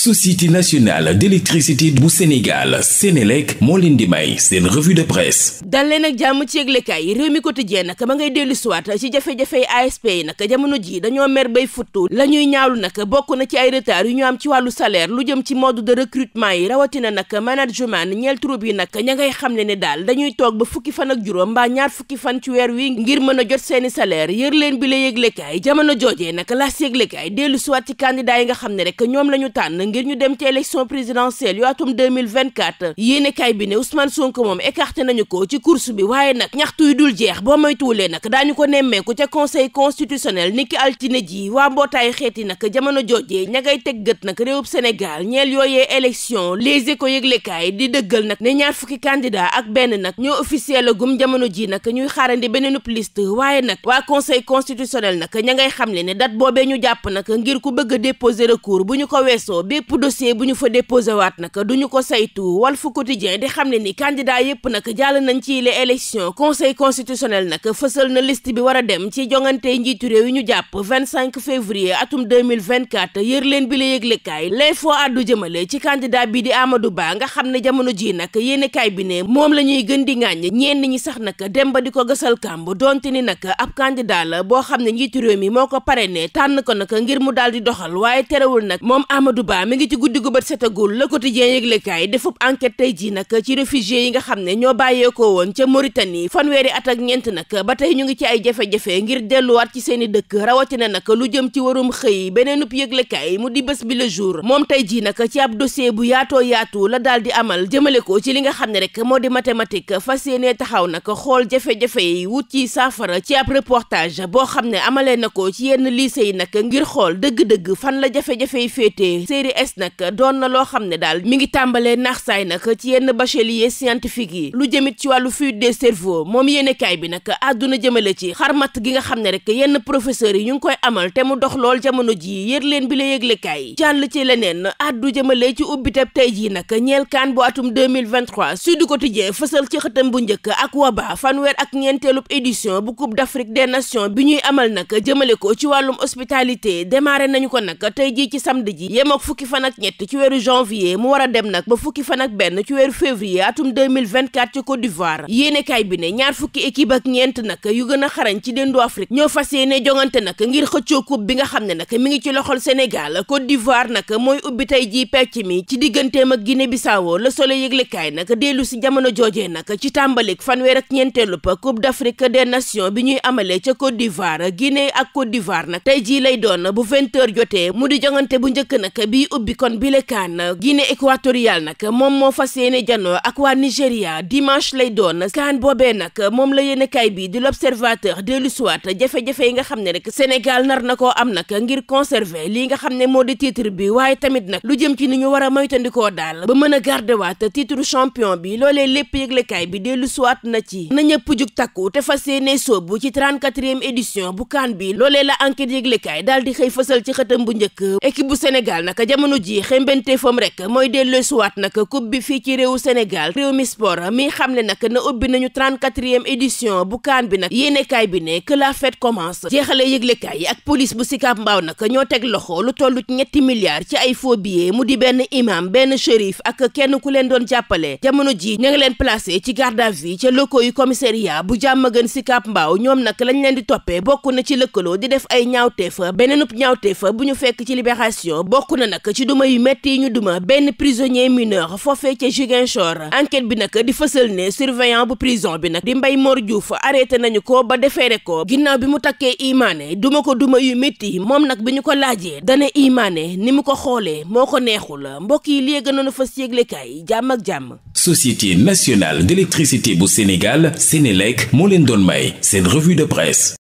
société nationale d'électricité bu Sénégal Sénélec moo leen di may seen revue de presse dal leen ak jàmm ci yëglekaay réew mi quotidien nag ba ngay dellu siwaat ci jafe-jafey ASP yi nag jamono ji dañoo mer bay futtu la ñaawlu nag bokk na ci ay retard yu ñu am ci wàllu salaire lu jëm ci mode de recrutement yi rawatina nag management ñeel troupe yi nag ña ngay xam ne ne daal dañuy toog ba fukki fan ak juróom mbaa ñaar fukki fan ci weer wi ngir mën a jot seeni salaire yër leen bi la yëglekaay jamono joojee nag laas yëglekaay dellu siwaat ci candidat yi nga ngir ñu dem ci élection présidentielle yu atum 2024 yéenekaay bi ne Ousmane Sonko moom écarté nañu ko ci course bi waaye nag ñaxtu yu dul jeex boo moy moytuwulee nag daañu ko nemmeeku ca conseil constitutionnel niki altine ji waa mbootaayu xeeti nag jamono joojee ña ngay teg gët nag réewub Sénégal ñeel yooyee élection les éco yëglekaay di dëggal nag ne ñaar fukki candidat ak benn nag ñoo officiel gum jamono ji nag ñuy xaarandi beneenub liste waaye nag waa conseil constitutionnel nag ña ngay xamle ne date boobee ñu jàpp nag ngir ku bëgg a déposer recours bu ñu ko weesoo bépp dossier bu ñu fa déposé waat naka du ñu ko saytu Walf Quotidien di xam ne ni candidat yépp naka jàll nañ ci les élections conseil constitutionnel naka fësal na list bi war a dem ci jongante njiitu réew yi ñu jàpp cinq février atum mille 2024 yër leen bi la yëglekaay l'info àddu jëmale ci candidat bi di amadu baa nga xam ne jamono ji nag yéenekaay bi ne moom la ñuy gën di ŋàññ ñenn ñi sax naka dem ba di ko gësal kàmb donte ni naka ab candidat la boo xam ne njiitu réew mi moo ko parrainé tànn ko naka ngir mu daal di doxal mi ngi ci guddi gu bët setagul Le Quotidien yëglekaay defub enquet tey ji nag ci réfugié yi nga xam ne ñoo bàyyeekoo woon ca Mauritanie fanweeri at ak ñeent nag ba tey ñu ngi ci ay jafe-jafe ngir delluwaat ci seeni dëkk rawatina nag lu jëm ci warum xëy beneen beneenub yëglekaay mu di bés bi le jour moom tey ji nag ci ab dossier bu yaatoo yaatu la daal di amal jëmale ko ci li nga xam ne rek moo di mathématique fas yéenee taxaw nag xool jafe-jafe yi wut ci saafara ci ab reportage boo xam ne amalee na ko ci yenn lycée yi nag ngir xool dëgg-dëgg fan la jafe-jafe yi IAS nag doon na loo xam ne daal mi ngi tàmbalee naax saay nag ci yenn bachelier scientifique yi lu jëmit ci wàllu fuite de cerveaux moom yéenekaay bi nag àdduna jëmale ci xarmat gi nga xam ne rek yenn professeurs yi ñu ngi koy amal te mu dox lool jamono jii yër leen bi la yëglekaay jàll ci leneen àddu jëmale ci ubbiteb tey jii nag ñeel kaan bu atum 2023 Sud Quotidien fësal ci xëtam bu njëkk ak waba fanweer ak ñeenteelub édition bu Coupe d'Afrique des Nations bi ñuy amal nag jëmale ko ci wàllum hospitalité démarré nañu ko nag tey jii fan ak ñett ci weeru janvier mu war a dem nag ba fukki fan ak benn ci weeru février atum 2024 ci Côte d'Ivoire yéenekaay bi ne ñaar fukki équipe ak ñeent nag yu gën a xarañ ci dendu Afrique ñoo fas yéene jongante nag ngir xëccoo coupe bi nga xam ne nag mi ngi ci loxol Sénégal Côte d'Ivoire nag mooy ubbi tey jii pecc mi ci digganteem ak Guinée Bissau Le Soleil yëglekaay nag dellu si jamono joojee nag ci tàmbalik fanweer ak ñeenteelu pa Coupe d'Afrique des Nations bi ñuy amalee ca Côte d'Ivoire Guinée ak Côte d'Ivoire nag tey jii lay doon bu 20 jotee mu di jongante bu njëkk nag ubbi kon bi na kaan Guinée équatoriale nag moom moo fas yéene janoo ak waa Nigéria dimanche lay doon kaan boobee nag moom la yéene kaay bi di l'observateur de l'histoire jafe-jafe yi nga xam ne rek Sénégal nar na ko am nag ngir conserver lii nga xam ne moo di titre bi waaye tamit nag lu jëm ci ni ñu war a moytandikoo daal ba mën a gardewaat titre champion bi loolee lépp yëglekaay bi dellu suwaat na ci na ñëpp jug takku te fas yéene soobu ci 34e édition bu kaan bi loolee la enquête yëglekaay daal di xëy fësal ci xëtam bu njëkk équipe bu jamono ji xembente fam rek mooy dellu suwaat nag coupe bi fii ci réewu Sénégal réew mi sport mi xam ne nag na ubbi nañu 34e édition bu kaan bi nag yéenekaay bi ne que la fête commence jeexale yëglekaay yi ak police bu Sicap Mbao nag ñoo teg loxo lu toll ci ñetti milliards ci ay faux billets mu di benn imam benn shérif ak kenn ku leen doon jàppale jamono ji ña leen placé ci garde à vue ca locaux yu commissariat bu Diamaguène Sicap Mbao ñoom nag lañ leen di toppee bokk na ci lëkkaloo di def ay ñaawteef beneenub ñaawteef bu ñu fekk ci libération bokk na nag ci duma yu metti yi ñu duma benn prisonnier mineur foofee ca Ziguinchor enquête bi nag di fësal ne surveillant bu prison bi nag di Mbaye Mor Diouf arrêté nañu ko ba defeere ko ginnaaw bi mu takkee Imane duma ko duma yu métti moom nag bi ñu ko laajee dana Imane ni mu ko xoolee moo ko neexul mbokk yi li gënoon a fas yéglekaay jàmm ak jàmm. Société nationale d'électricité bu Sénégal Sénélec moo leen doon may seen revue de presse.